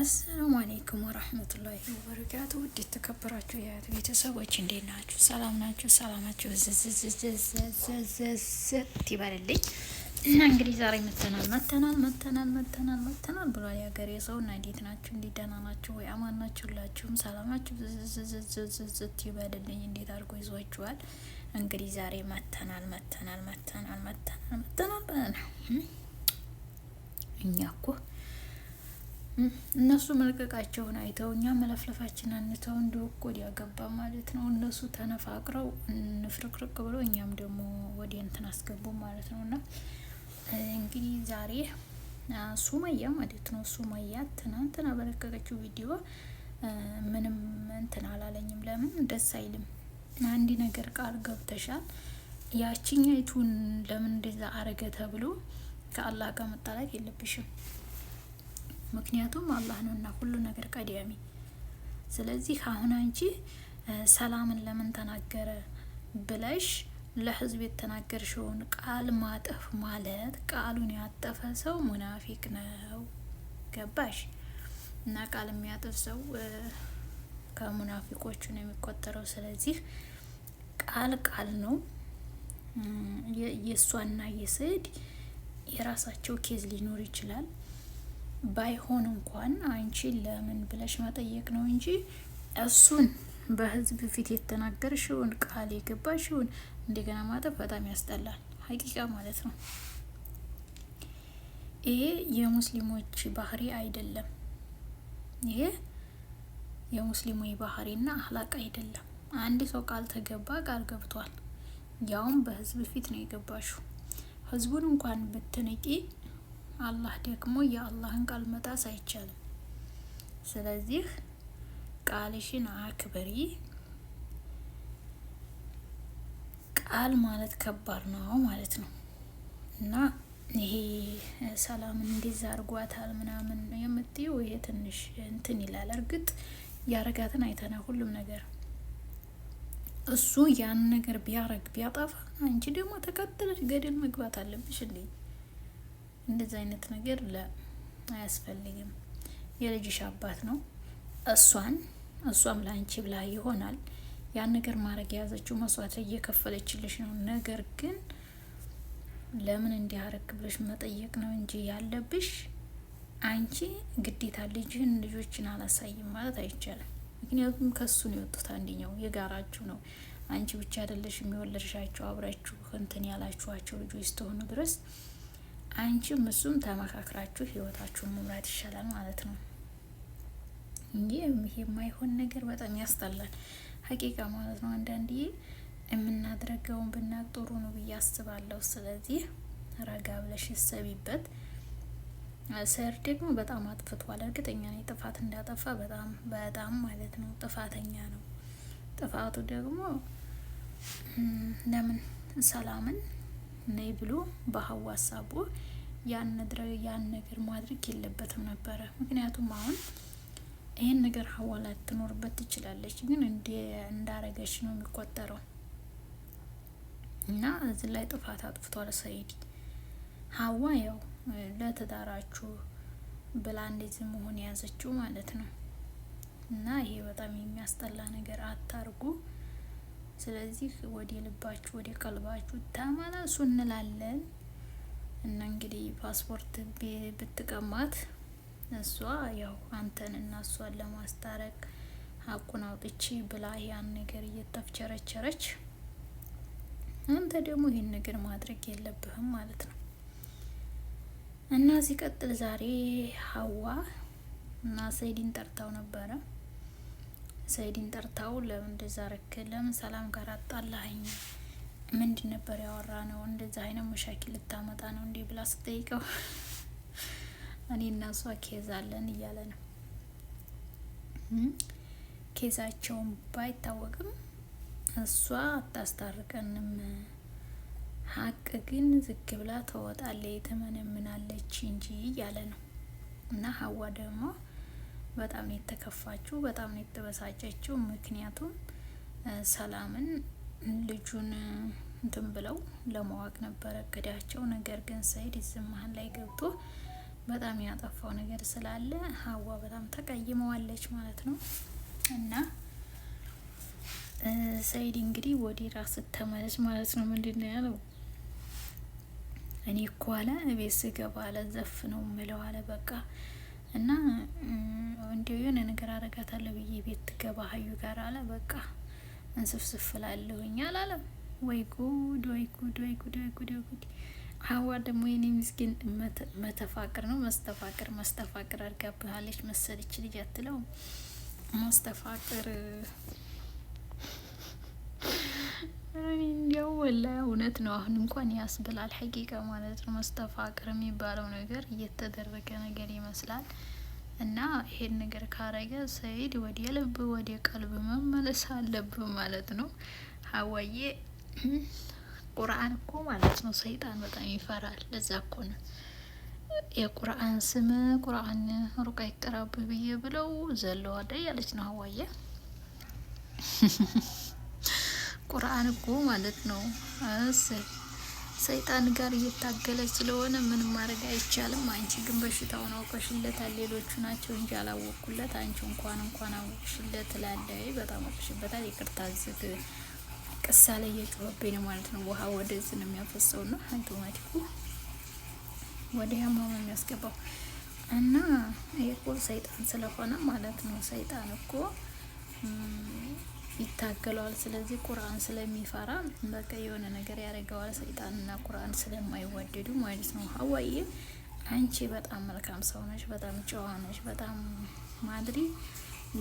አሰላሙ አሌይኩም ወራህመቱላሂ ወበረካቱ። ውድ የተከበራችሁ የያት ቤተሰቦች እንዴት ናችሁ? ሰላም ናችሁ? ሰላማችሁ ዘዘዘዘዘት ይበልልኝ እና እንግዲህ ዛሬ መተናል መተናል መተናል መተናል መተናል ብሏል የሀገሬ ሰው እና እንዴት ናችሁ? እንዴት ደህና ናችሁ ወይ? አማን ናችሁ? ሁላችሁም ሰላማችሁ ዘዘዘዘዘት ይበልልኝ። እንዴት አድርጎ ይዟችኋል? እንግዲህ ዛሬ መተናል መተናል መተናል መተናል መተናል እኛ እኮ እነሱ መልቀቃቸውን አይተው እኛ መለፍለፋችን አንተው እንደ ወዲያ ገባ ማለት ነው። እነሱ ተነፋቅረው ንፍርቅርቅ ብሎ እኛም ደግሞ ወዲያ እንትን አስገቡ ማለት ነው። እና እንግዲህ ዛሬ ሱመያ ማለት ነው ሱመያ ትናንትና በለቀቀችው ቪዲዮ ምንም እንትን አላለኝም። ለምን ደስ አይልም? አንድ ነገር ቃል ገብተሻል። ያቺኛይቱን ለምን እንደዛ አረገ ተብሎ ከአላህ ጋር መጣላት የለብሽም። ምክንያቱም አላህ ነውና ሁሉ ነገር ቀዳሚ። ስለዚህ አሁን አንቺ ሰላምን ለምን ተናገረ ብለሽ ለህዝብ የተናገርሽውን ቃል ማጠፍ ማለት ቃሉን ያጠፈ ሰው ሙናፊቅ ነው። ገባሽ? እና ቃል የሚያጠፍ ሰው ከሙናፊቆቹ ነው የሚቆጠረው። ስለዚህ ቃል ቃል ነው። የእሷና የስድ የራሳቸው ኬዝ ሊኖር ይችላል። ባይሆን እንኳን አንቺ ለምን ብለሽ መጠየቅ ነው እንጂ እሱን በህዝብ ፊት የተናገርሽውን ቃል የገባሽውን እንደገና ማጠብ በጣም ያስጠላል። ሀቂቃ ማለት ነው። ይሄ የሙስሊሞች ባህሪ አይደለም። ይሄ የሙስሊሙ ባህሪና አህላቅ አይደለም። አንድ ሰው ቃል ተገባ፣ ቃል ገብቷል። ያውም በህዝብ ፊት ነው የገባሽው። ህዝቡን እንኳን ብትንቂ አላህ ደግሞ የአላህን ቃል መጣስ አይቻልም። ስለዚህ ቃልሽን አክብሪ። ቃል ማለት ከባድ ነው ማለት ነው እና ይሄ ሰላምን እንዲዛ አርጓታል ምናምን የምትየው ይሄ ትንሽ እንትን ይላል። እርግጥ ያረጋትን አይተና ሁሉም ነገር እሱ ያን ነገር ቢያረግ ቢያጠፋ፣ አንቺ ደግሞ ተከትለሽ ገደል መግባት አለብሽ እንዴ? እንደዚህ አይነት ነገር ለ አያስፈልግም። የልጅሽ አባት ነው። እሷን እሷም ለአንቺ ብላ ይሆናል ያን ነገር ማድረግ የያዘችው መስዋዕት እየከፈለችልሽ ነው። ነገር ግን ለምን እንዲያረግ ብለሽ መጠየቅ ነው እንጂ ያለብሽ አንቺ ግዴታ ልጅህን ልጆችን አላሳይም ማለት አይቻልም። ምክንያቱም ከሱ ነው የወጡት፣ አንደኛው የጋራችሁ ነው። አንቺ ብቻ አይደለሽ የሚወለድሻቸው አብራችሁ እንትን ያላችኋቸው ልጆች ስተሆኑ ድረስ አንቺም እሱም ተመካክራችሁ ህይወታችሁን መምራት ይሻላል ማለት ነው እንጂ ይህ የማይሆን ነገር በጣም ያስጠላል። ሀቂቃ ማለት ነው። አንዳንዴ የምናድረገውን ብናቅ ጥሩ ነው ብዬ አስባለሁ። ስለዚህ ረጋ ብለሽ ይሰቢበት። ሰር ደግሞ በጣም አጥፍቷል። እርግጠኛ ነኝ ጥፋት እንዳጠፋ በጣም በጣም ማለት ነው ጥፋተኛ ነው። ጥፋቱ ደግሞ ለምን ሰላምን ነይ ብሎ በሀዋ ሀሳቡ ያን ያን ነገር ማድረግ የለበትም ነበረ። ምክንያቱም አሁን ይህን ነገር ሀዋ ላትኖርበት ትችላለች፣ ግን እንዳረገች ነው የሚቆጠረው እና እዚህ ላይ ጥፋት አጥፍቷል ሰይድ። ሀዋ ያው ለትዳራችሁ ብላ እንደዚህ መሆን የያዘችው ማለት ነው እና ይሄ በጣም የሚያስጠላ ነገር አታርጉ። ስለዚህ ወደ ልባችሁ ወደ ቀልባችሁ ተመለሱ እንላለን እና እንግዲህ ፓስፖርት ብትቀማት እሷ ያው አንተን እና እሷን ለማስታረቅ ሀቁን አውጥቼ ብላ ያን ነገር እየተፍቸረቸረች አንተ ደግሞ ይህን ነገር ማድረግ የለብህም ማለት ነው። እና ሲቀጥል ዛሬ ሀዋ እና ሰይድን ጠርታው ነበረ። ሰይድን ጠርታው ለምን እንደዛ ረክ ለምን ሰላም ጋር አጣላኸኝ ምንድን ነበር ያወራ ነው እንደዛ አይነት መሻኪል ልታመጣ ነው እንዴ ብላ ስጠይቀው እኔ እና እሷ ኬዝ አለን እያለ ነው። ኬዛቸውን ባይታወቅም እሷ አታስታርቀንም፣ ሀቅ ግን ዝግ ብላ ተወጣለ የተመነምናለች እንጂ እያለ ነው እና ሀዋ ደግሞ በጣም ነው የተከፋችው፣ በጣም ነው የተበሳጨችው። ምክንያቱም ሰላምን ልጁን እንትን ብለው ለማዋቅ ነበረ እቅዳቸው። ነገር ግን ሰይድ ዝምሃን ላይ ገብቶ በጣም ያጠፋው ነገር ስላለ ሀዋ በጣም ተቀይመዋለች ማለት ነው። እና ሰይድ እንግዲህ ወደ ራስ ተመለስ ማለት ነው። ምንድን ነው ያለው? እኔ እኮ አለ እቤት ስገባ አለ ዘፍ ነው ምለው አለ በቃ እና እንዲያው የሆነ ነገር አረጋታለሁ ብዬ ቤት ትገባ ሀዩ ጋር አለ በቃ እንስፍስፍ ላለሁኝ አላለም ወይ ጉድ ወይ ጉድ ወይ ጉድ ወይ ጉድ ወይ ጉድ ሀዋ ደግሞ የኔ ምስኪን መተፋቅር ነው መስተፋቅር መስተፋቅር አድርጋብሃለች መሰለች ልጅ አትለው መስተፋቅር እንዲያው ወላሂ እውነት ነው። አሁን እንኳን ያስብላል ሀቂቃ ማለት ነው። መስተፋቅር የሚባለው ነገር እየተደረገ ነገር ይመስላል። እና ይሄን ነገር ካረገ ሰይድ ወደ ልብ ወደ ቀልብ መመለስ አለብ ማለት ነው። ሀዋዬ ቁርአን እኮ ማለት ነው ሰይጣን በጣም ይፈራል። ለዛ እኮ ነው የቁርአን ስም ቁርአን ሩቅ አይቀራብ ብዬ ብለው ዘለዋዳ ያለች ነው ሀዋዬ ቁርአን እኮ ማለት ነው ሰይጣን ጋር እየታገለች ስለሆነ ምንም ማድረግ አይቻልም። አንቺ ግን በሽታውን አውቀሽለታል። ሌሎቹ ናቸው እንጂ አላወቁለት። አንቺ እንኳን እንኳን አውቅሽለት ላለይ በጣም አውቅሽበታል። ይቅርታ ዝግ ቅሳ ላይ እየጮኸብኝ ነው ማለት ነው። ውሃ ወደዚህ ነው የሚያፈሰው ና አንቶማቲኩ ወደ ያማ ነው የሚያስገባው እና ይህ እኮ ሰይጣን ስለሆነ ማለት ነው ሰይጣን እኮ ይታገለዋል። ስለዚህ ቁርአን ስለሚፈራ በቃ የሆነ ነገር ያደርገዋል። ሰይጣንና ቁርአን ስለማይወደዱ ማለት ነው። ሀዋዬ አንቺ በጣም መልካም ሰው ነሽ፣ በጣም ጨዋ ነሽ፣ በጣም ማድሪ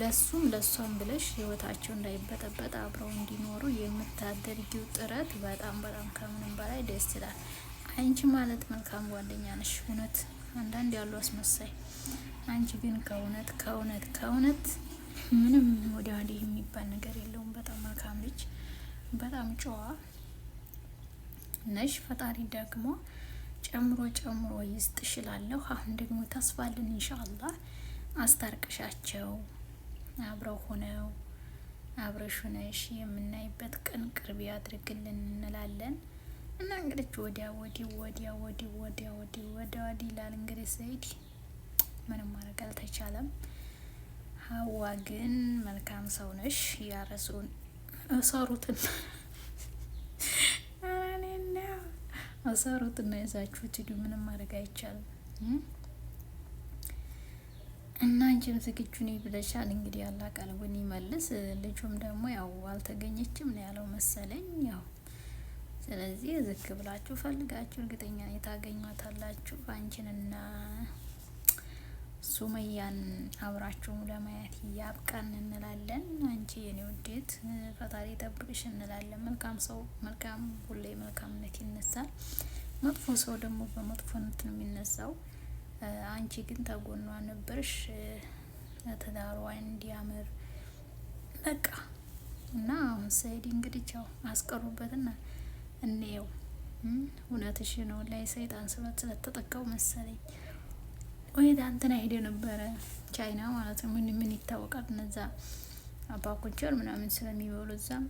ለሱም ለሷም ብለሽ ህይወታቸው እንዳይበጠበጥ አብረው እንዲኖሩ የምታደርጊው ጥረት በጣም በጣም ከምንም በላይ ደስ ይላል። አንቺ ማለት መልካም ጓደኛ ነሽ። እውነት አንዳንድ ያሉ አስመሳይ፣ አንቺ ግን ከእውነት ከእውነት ከእውነት ምንም ወደ አዴ የሚባል ነገር የለውም። በጣም መልካም ልጅ፣ በጣም ጨዋ ነሽ። ፈጣሪ ደግሞ ጨምሮ ጨምሮ ይስጥሽላለሁ። አሁን ደግሞ ተስፋልን ኢንሻአላህ አስታርቅሻቸው አብረው ሆነው አብረሽ ሆነሽ የምናይበት ቀን ቅርብ ያድርግልን እንላለን። እና እንግዲህ ወዲያ ወዲህ ወዲያ ወዲህ ወዲያ ወዲህ ወዲያ ወዲህ ይላል እንግዲህ ሰይድ ምንም ማድረግ አልተቻለም። ሀዋ ግን መልካም ሰው ነሽ። ያረሱን እሰሩትና ይዛችሁት ሂዱ። ምንም ማድረግ አይቻልም። እና አንቺም ዝግጁ ነኝ ብለሻል። እንግዲህ ያላ ቀልቡን ይመልስ። ልጁም ደግሞ ያው አልተገኘችም ነው ያለው መሰለኝ። ያው ስለዚህ ዝክ ብላችሁ ፈልጋችሁ እርግጠኛ የታገኟታላችሁ አንቺንና ሱመያን አብራችሁ ለማየት ያብቃን እንላለን። አንቺ የኔ ውዴት ፈጣሪ ጠብቅሽ እንላለን። መልካም ሰው መልካም ሁሌ መልካምነት ይነሳል። መጥፎ ሰው ደግሞ በመጥፎነት ነው የሚነሳው። አንቺ ግን ተጎኗ ነበርሽ ትዳሯ እንዲያምር በቃ እና አሁን ሰይድ እንግዲህ አስቀሩበትና እንየው እውነትሽ ነው ላይ ሰይጣን ስበት ስለተጠቀው መሰለኝ ወይት አንተና ሄደ ነበረ ቻይና ማለት ነው። ምን ምን ይታወቃል እነዛ አባኮቸር ምናምን ስለሚበሉ እዛም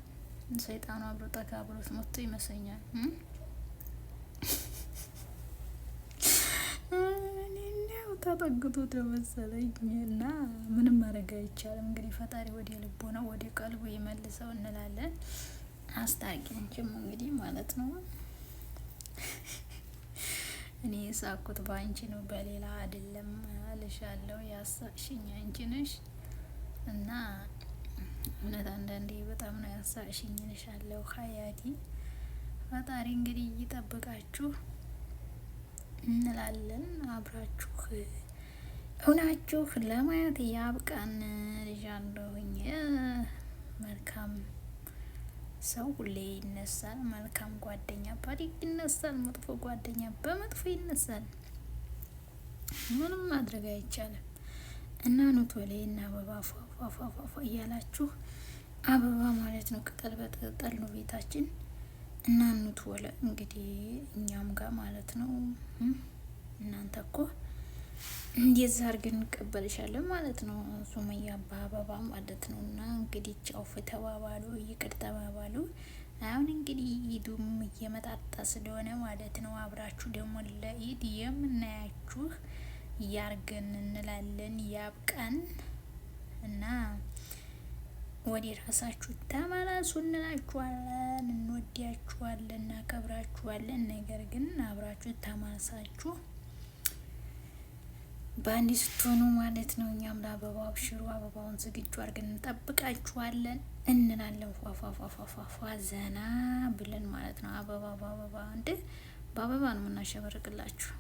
ሰይጣኑ አብሮ ጠጋ ብሎት መጥቶ ይመስለኛል። ተጠግቶ ተመሰለኝ እና ምንም ማድረግ አይቻልም። እንግዲህ ፈጣሪ ወደ ልቦ ነው ወደ ቀልቡ ይመልሰው እንላለን። አስታቂ አስታራቂዎችም እንግዲህ ማለት ነው። እኔ የሳኩት በአንቺ ነው፣ በሌላ አይደለም እልሻለሁ። ያሳቅሽኝ አንቺ ነሽ እና እውነት አንዳንዴ በጣም ነው ያሳቅሽኝ እልሻለሁ። ሀያቲ ፈጣሪ እንግዲህ እይጠብቃችሁ እንላለን። አብራችሁ እውናችሁ ለማየት ያብቃን እልሻለሁ። ሰው ሁሌ ይነሳል። መልካም ጓደኛ ባሪቅ ይነሳል፣ መጥፎ ጓደኛ በመጥፎ ይነሳል። ምንም ማድረግ አይቻልም። እና ኑቶሌ እና አበባ ፏፏፏፏፏ እያላችሁ አበባ ማለት ነው ቅጠል በቅጠል ነው ቤታችን እና ወለ እንግዲህ እኛም ጋር ማለት ነው እናንተ እኮ እንደዛ አድርገን እንቀበልሻለን ማለት ነው። ሱመያ በአበባ ማለት ነው። እና እንግዲህ ጫውፍ ተባባሉ፣ ይቅር ተባባሉ። አሁን እንግዲህ ኢዱም እየመጣጣ ስለሆነ ማለት ነው። አብራችሁ ደግሞ ለኢድ የምናያችሁ ያርገን እንላለን። ያብቀን እና ወደ ራሳችሁ ተመለሱ እንላችኋለን። እንወዳችኋለን፣ እናከብራችኋለን። ነገር ግን አብራችሁ ተማሳችሁ በአንድ ስትሆኑ ማለት ነው። እኛም ለአበባ አብሽሩ፣ አበባውን ዝግጁ አድርገን እንጠብቃችኋለን እንላለን። ፏፏፏፏፏፏ ዘና ብለን ማለት ነው። አበባ በአበባ እንደ በአበባ ነው የምናሸበርቅላችሁ።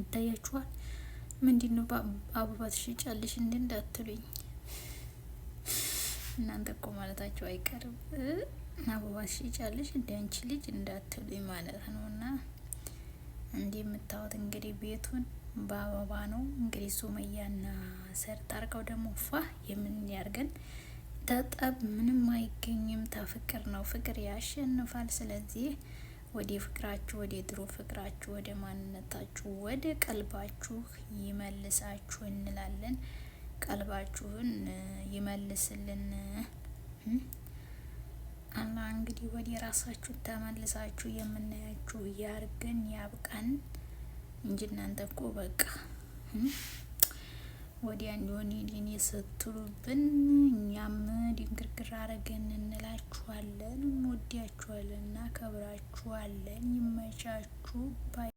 ይታያችኋል። ምንድን ነው አበባ ትሸጫለሽ እንዲ እንዳትሉኝ እናንተ እኮ ማለታቸው አይቀርም። አበባ ትሸጫለሽ እንደ አንቺ ልጅ እንዳትሉኝ ማለት ነው እና እንዲህ የምታወት እንግዲህ ቤቱን በአበባ ነው እንግዲህ ሱመያና ሰር ታርቀው ደግሞ ፋ የምን ያርገን። ተጠብ ምንም አይገኝም፣ ተፍቅር ነው ፍቅር ያሸንፋል። ስለዚህ ወደ ፍቅራችሁ ወደ ድሮ ፍቅራችሁ ወደ ማንነታችሁ ወደ ቀልባችሁ ይመልሳችሁ እንላለን። ቀልባችሁን ይመልስልን አላ እንግዲህ ወደ ራሳችሁ ተመልሳችሁ የምናያችሁ ያርገን ያብቃን። እንጂ እናንተ እኮ በቃ ወዲያ እንዲሆን ሊኔ ስትሉብን እኛም ድንግርግር አረገን እንላችኋለን። እንወዳችኋለን፣ ከብራችኋለን። ይመቻችሁ ባይ